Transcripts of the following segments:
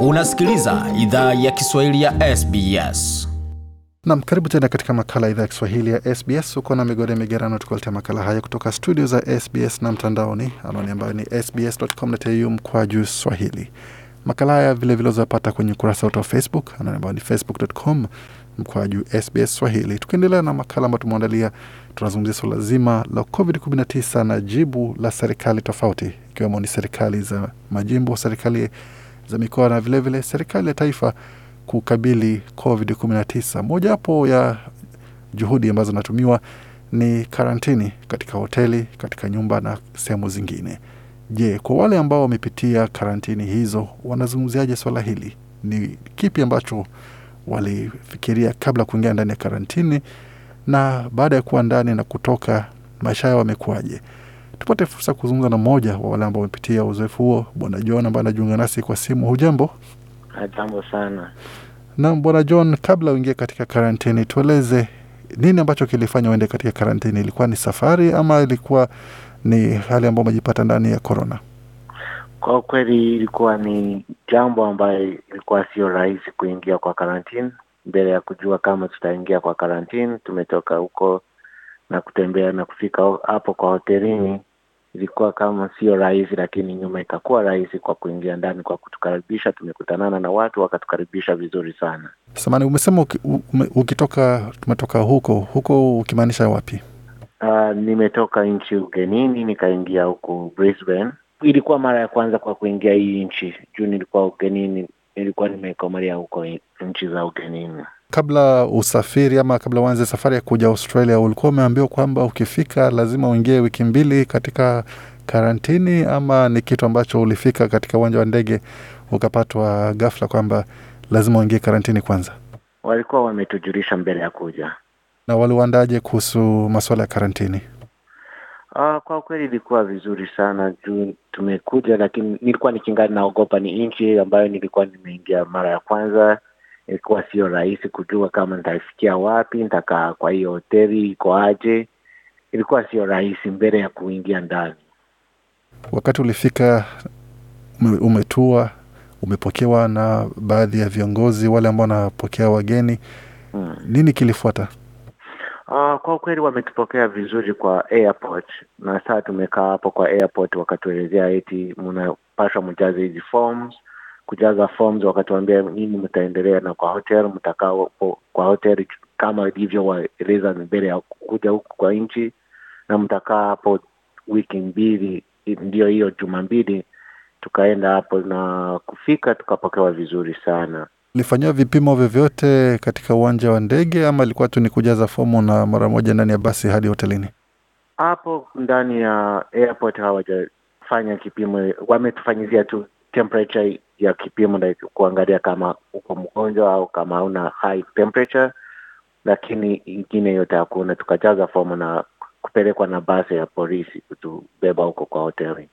Unasikiliza idhaa ya Kiswahili ya SBS. Nam, karibu tena katika makala ya idhaa ya Kiswahili ya SBS. Uko na migode migerano, tukuletea makala haya kutoka studio za SBS na mtandaoni, anwani ambayo ni sbs.com.au mkwa juu swahili. Makala haya vilevile uzapata kwenye ukurasa wetu wa Facebook, anwani ambayo ni facebook.com mkwa juu SBS swahili. Tukiendelea na makala ambayo tumeandalia, tunazungumzia suala zima la COVID-19 na jibu la serikali tofauti, ikiwemo ni serikali za majimbo, serikali za mikoa na vilevile serikali ya taifa kukabili COVID-19. Mojawapo ya juhudi ambazo zinatumiwa ni karantini katika hoteli, katika nyumba na sehemu zingine. Je, kwa wale ambao wamepitia karantini hizo wanazungumziaje swala hili? Ni kipi ambacho walifikiria kabla ya kuingia ndani ya karantini na baada ya kuwa ndani na kutoka, maisha yao wamekuwaje? tupate fursa kuzungumza na mmoja wa wale ambao wamepitia uzoefu huo, Bwana John ambaye anajiunga nasi kwa simu. Hujambo? Jambo sana. Naam, Bwana John, kabla uingie katika karantini, tueleze nini ambacho kilifanya uende katika karantini? Ilikuwa ni safari ama ilikuwa ni hali ambayo umejipata ndani ya korona? Kwa kweli ilikuwa ni jambo ambayo ilikuwa sio rahisi kuingia kwa karantini. Mbele ya kujua kama tutaingia kwa karantini, tumetoka huko na kutembea na kufika hapo kwa hotelini, ilikuwa kama sio rahisi, lakini nyuma ikakuwa rahisi kwa kuingia ndani, kwa kutukaribisha. Tumekutanana na watu wakatukaribisha vizuri sana. Samani, umesema ukitoka, tumetoka huko huko, ukimaanisha wapi? Uh, nimetoka nchi ugenini nikaingia huku Brisbane. Ilikuwa mara ya kwanza kwa kuingia hii nchi juu nilikuwa ugenini, nilikuwa nimekomalia huko nchi za ugenini. Kabla usafiri ama kabla uanze safari ya kuja Australia, ulikuwa umeambiwa kwamba ukifika lazima uingie wiki mbili katika karantini, ama ni kitu ambacho ulifika katika uwanja wa ndege ukapatwa ghafla kwamba lazima uingie karantini kwanza? Walikuwa wametujulisha mbele ya kuja. Na waliwaandaje kuhusu masuala ya karantini? Uh, kwa kweli ilikuwa vizuri sana juu tumekuja, lakini nilikuwa nikingali naogopa. Ni nchi ambayo nilikuwa nimeingia mara ya kwanza ilikuwa sio rahisi kujua kama nitaifikia wapi, nitakaa kwa hiyo hoteli iko aje. Ilikuwa sio rahisi mbele ya kuingia ndani. Wakati ulifika umetua, umepokewa na baadhi ya viongozi wale ambao wanapokea wageni hmm. Nini kilifuata? Uh, kwa ukweli wametupokea vizuri kwa airport, na saa tumekaa hapo kwa airport wakatuelezea eti mnapaswa mjaze hizi forms kujaza forms, wakatuambia nini mtaendelea na kwa hotel mtakaa kwa hotel kama ilivyowaeleza mbele ya kuja huku kwa nchi, na mtakaa hapo wiki mbili, ndio hiyo juma mbili. Tukaenda hapo na kufika tukapokewa vizuri sana. Ulifanyiwa vipimo vyovyote katika uwanja wa ndege ama ilikuwa tu ni kujaza fomu na mara moja ndani ya basi hadi hotelini? Hapo ndani ya airport hawajafanya kipimo, wametufanyizia tu temperature ya kipimo na kuangalia kama uko mgonjwa au kama una high temperature, lakini ingine yote hakuna. Tukajaza fomu na kupelekwa na basi ya polisi kutubeba huko kwa hoteli.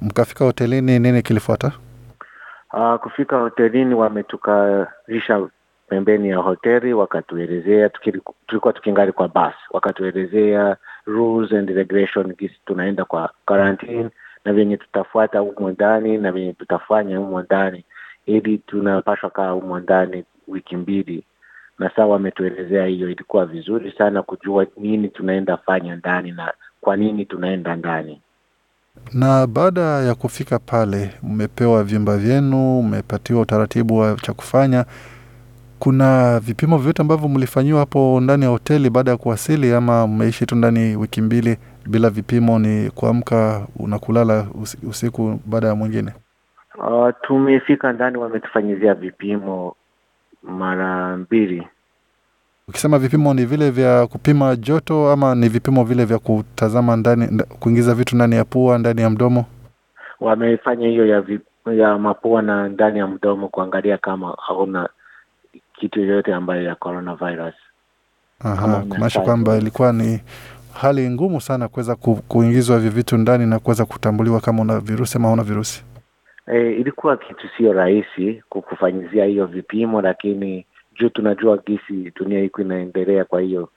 Mkafika hotelini, nini kilifuata? Uh, kufika hotelini wametukarisha pembeni ya hoteli, wakatuelezea. Tulikuwa tukingali kwa basi, wakatuelezea rules and regulation, tunaenda kwa quarantine na vyenye tutafuata humo ndani na vyenye tutafanya humo ndani, ili tunapashwa kaa humo ndani wiki mbili na saa wametuelezea hiyo. Ilikuwa vizuri sana kujua nini tunaenda fanya ndani na kwa nini tunaenda ndani. Na baada ya kufika pale, mmepewa vyumba vyenu, mmepatiwa utaratibu wa cha kufanya. Kuna vipimo vyote ambavyo mlifanyiwa hapo ndani ya hoteli baada ya kuwasili, ama mmeishi tu ndani wiki mbili bila vipimo ni kuamka unakulala usiku baada ya mwingine? Uh, tumefika ndani wametufanyizia vipimo mara mbili. Ukisema vipimo ni vile vya kupima joto ama ni vipimo vile vya kutazama ndani, kuingiza vitu ndani ya pua, ndani ya mdomo? Wamefanya hiyo ya vip, ya mapua na ndani ya mdomo kuangalia kama hauna kitu yoyote ambayo ya coronavirus. Aha, kumaanisha kwamba ilikuwa ni hali ngumu sana kuweza kuingizwa hivyo vitu ndani na kuweza kutambuliwa kama una virusi ama una virusi. E, ilikuwa kitu sio rahisi kukufanyizia hiyo vipimo, lakini juu tunajua gisi dunia iko inaendelea, kwa hiyo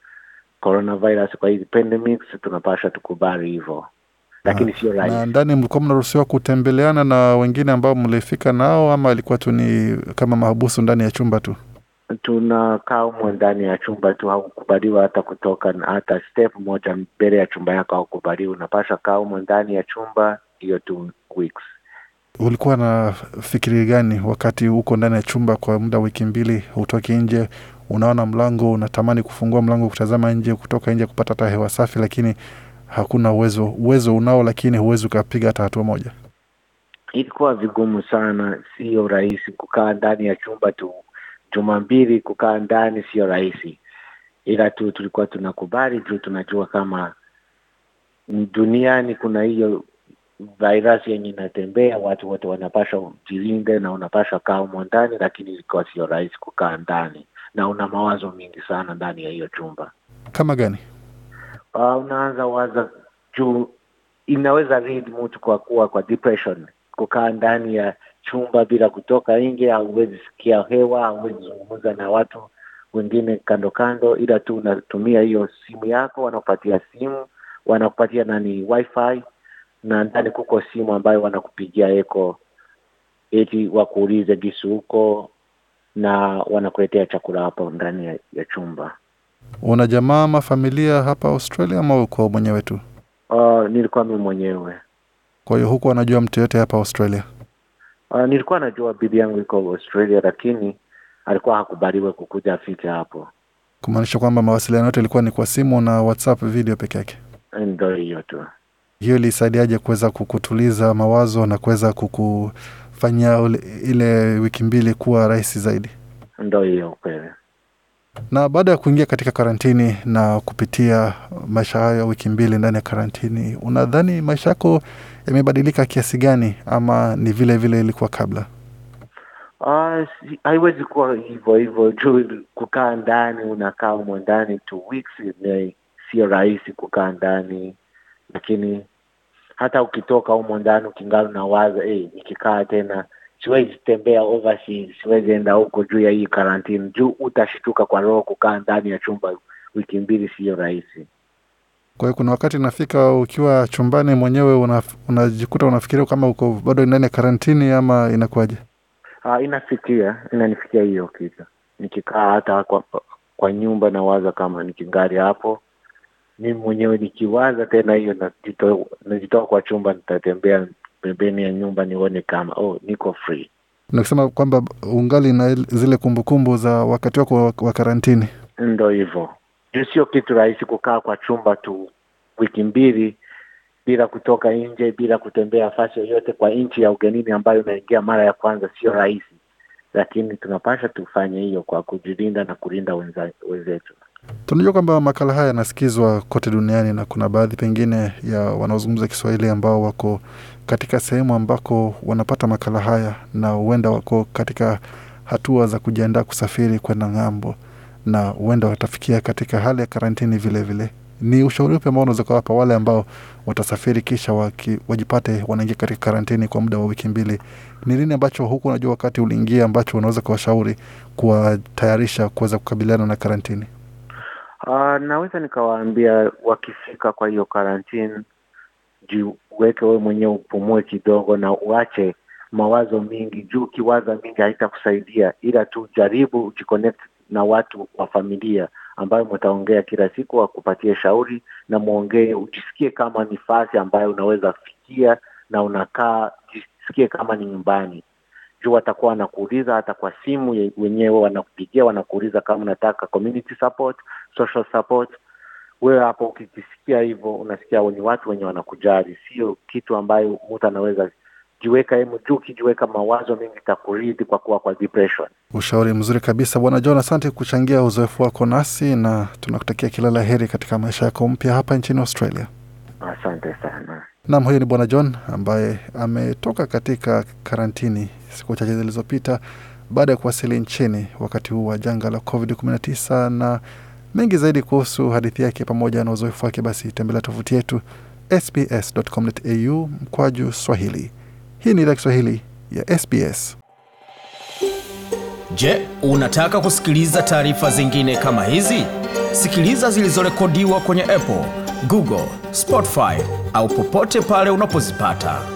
coronavirus, kwa hii pandemic tunapasha tukubali hivyo, lakini ah, sio rahisi. Na ndani mlikuwa mnaruhusiwa kutembeleana na wengine ambao mlifika nao, ama ilikuwa tu ni kama mahabusu ndani ya chumba tu? tunakaa humo ndani ya chumba tu, haukubaliwa hata kutoka na hata step moja mbele ya chumba yako haukubaliwa unapasha kaa humo ndani ya chumba hiyo tu weeks. Ulikuwa na fikiri gani wakati uko ndani ya chumba kwa muda wiki mbili, hutoki nje? Unaona mlango, unatamani kufungua mlango, kutazama nje, kutoka nje, kupata hata hewa safi, lakini hakuna uwezo. Uwezo unao, lakini huwezi ukapiga hata hatua moja. Ilikuwa vigumu sana, sio rahisi kukaa ndani ya chumba tu juma mbili kukaa ndani sio rahisi, ila tu tulikuwa tunakubali juu tunajua kama duniani kuna hiyo virusi yenye inatembea, watu wote wanapasha ujilinde na unapasha kaa umo ndani, lakini ilikuwa sio rahisi kukaa ndani na una mawazo mingi sana ndani ya hiyo chumba. Kama gani? Uh, unaanza waza juu inaweza mutu mtu kwa kuwa kwa depression, kukaa ndani ya chumba bila kutoka nje, hauwezi sikia hewa, hauwezi zungumza na watu wengine kando kando, ila tu unatumia hiyo simu yako, wanakupatia simu, wanakupatia nani wifi, na ndani kuko simu ambayo wanakupigia eko eti wakuulize gisu huko, na wanakuletea chakula hapo ndani ya, ya chumba. Una jamaa mafamilia hapa Australia ama uko mwenyewe tu? Uh, nilikuwa mimi mwenyewe. Kwa hiyo huku anajua mtu yote hapa Australia? Uh, nilikuwa najua bibi yangu iko Australia, lakini alikuwa hakubaliwe kukuja afike hapo, kumaanisha kwamba mawasiliano yote ilikuwa ni kwa simu na WhatsApp video peke yake. Eh, Ndo hiyo tu. Hiyo ilisaidiaje kuweza kukutuliza mawazo na kuweza kukufanyia ile wiki mbili kuwa rahisi zaidi? Ndo hiyo kweli. Na baada ya kuingia katika karantini na kupitia maisha hayo wiki mbili ndani ya karantini, unadhani maisha yako yamebadilika kiasi gani, ama ni vile vile ilikuwa kabla? Uh, haiwezi kuwa hivyo hivyo juu kukaa ndani, unakaa umo ndani two weeks, sio rahisi kukaa ndani, lakini hata ukitoka umo ndani ukingana unawaza hey, eh, nikikaa tena siwezi tembea overseas, siwezi enda huko juu ya hii karantini, juu utashituka kwa roho. Kukaa ndani ya chumba wiki mbili siyo rahisi. Kwa hiyo kuna wakati inafika ukiwa chumbani mwenyewe unajikuta unajikuta unafikiria kama uko bado ndani ya karantini ama inakuwaje? Ah, inafikia inanifikia hiyo kitu, nikikaa hata kwa, kwa nyumba nawaza kama nikingari hapo mimi mwenyewe nikiwaza tena hiyo, najitoa kwa chumba, nitatembea pembeni ya nyumba nione kama oh, niko free. Nakusema kwamba ungali na zile kumbukumbu za wakati wako wa karantini. Ndo hivyo, sio kitu rahisi kukaa kwa chumba tu wiki mbili bila kutoka nje, bila kutembea nafasi yoyote kwa nchi ya ugenini ambayo unaingia mara ya kwanza, sio rahisi, lakini tunapasha tufanye hiyo kwa kujilinda na kulinda wenzetu. Tunajua kwamba makala haya yanasikizwa kote duniani na kuna baadhi pengine ya wanaozungumza Kiswahili ambao wako katika sehemu ambako wanapata makala haya na huenda wako katika hatua za kujiandaa kusafiri kwenda ng'ambo na huenda watafikia katika hali ya karantini vilevile. Ni ushauri upi ambao unaweza kuwapa wale ambao watasafiri kisha waki, wajipate wanaingia katika karantini kwa muda wa wiki mbili? Ni nini ambacho huku unajua wakati uliingia ambacho unaweza kuwashauri kuwatayarisha kuweza kukabiliana na karantini? Uh, naweza nikawaambia wakifika kwa hiyo karantini, jiweke wewe mwenyewe, upumue kidogo na uache mawazo mingi, juu ukiwaza mingi haitakusaidia, ila tu jaribu ujiconnect na watu wa familia ambayo mtaongea kila siku, wakupatie shauri na mwongee, ujisikie kama ni fasi ambayo unaweza fikia na unakaa, jisikie kama ni nyumbani juu watakuwa wanakuuliza hata kwa simu wenyewe, wanakupigia wanakuuliza kama unataka community support, social support. Wewe hapo ukikisikia hivyo, unasikia ni watu wenye wanakujali, sio kitu ambayo mtu anaweza jiweka hemu juu. Ukijiweka mawazo mengi takuridhi kwa kuwa kwa depression. Ushauri mzuri kabisa, Bwana John, asante kuchangia uzoefu wako nasi, na tunakutakia kila la heri katika maisha yako mpya hapa nchini Australia. Asante sana. nam huyo ni Bwana John ambaye ametoka katika karantini siku chache zilizopita baada ya kuwasili nchini wakati huu wa janga la COVID-19. Na mengi zaidi kuhusu hadithi yake pamoja na uzoefu wake, basi tembelea tovuti yetu sbs.com.au mkwaju Swahili. Hii ni idhaa Kiswahili ya SBS. Je, unataka kusikiliza taarifa zingine kama hizi? Sikiliza zilizorekodiwa kwenye Apple, Google, Spotify au popote pale unapozipata.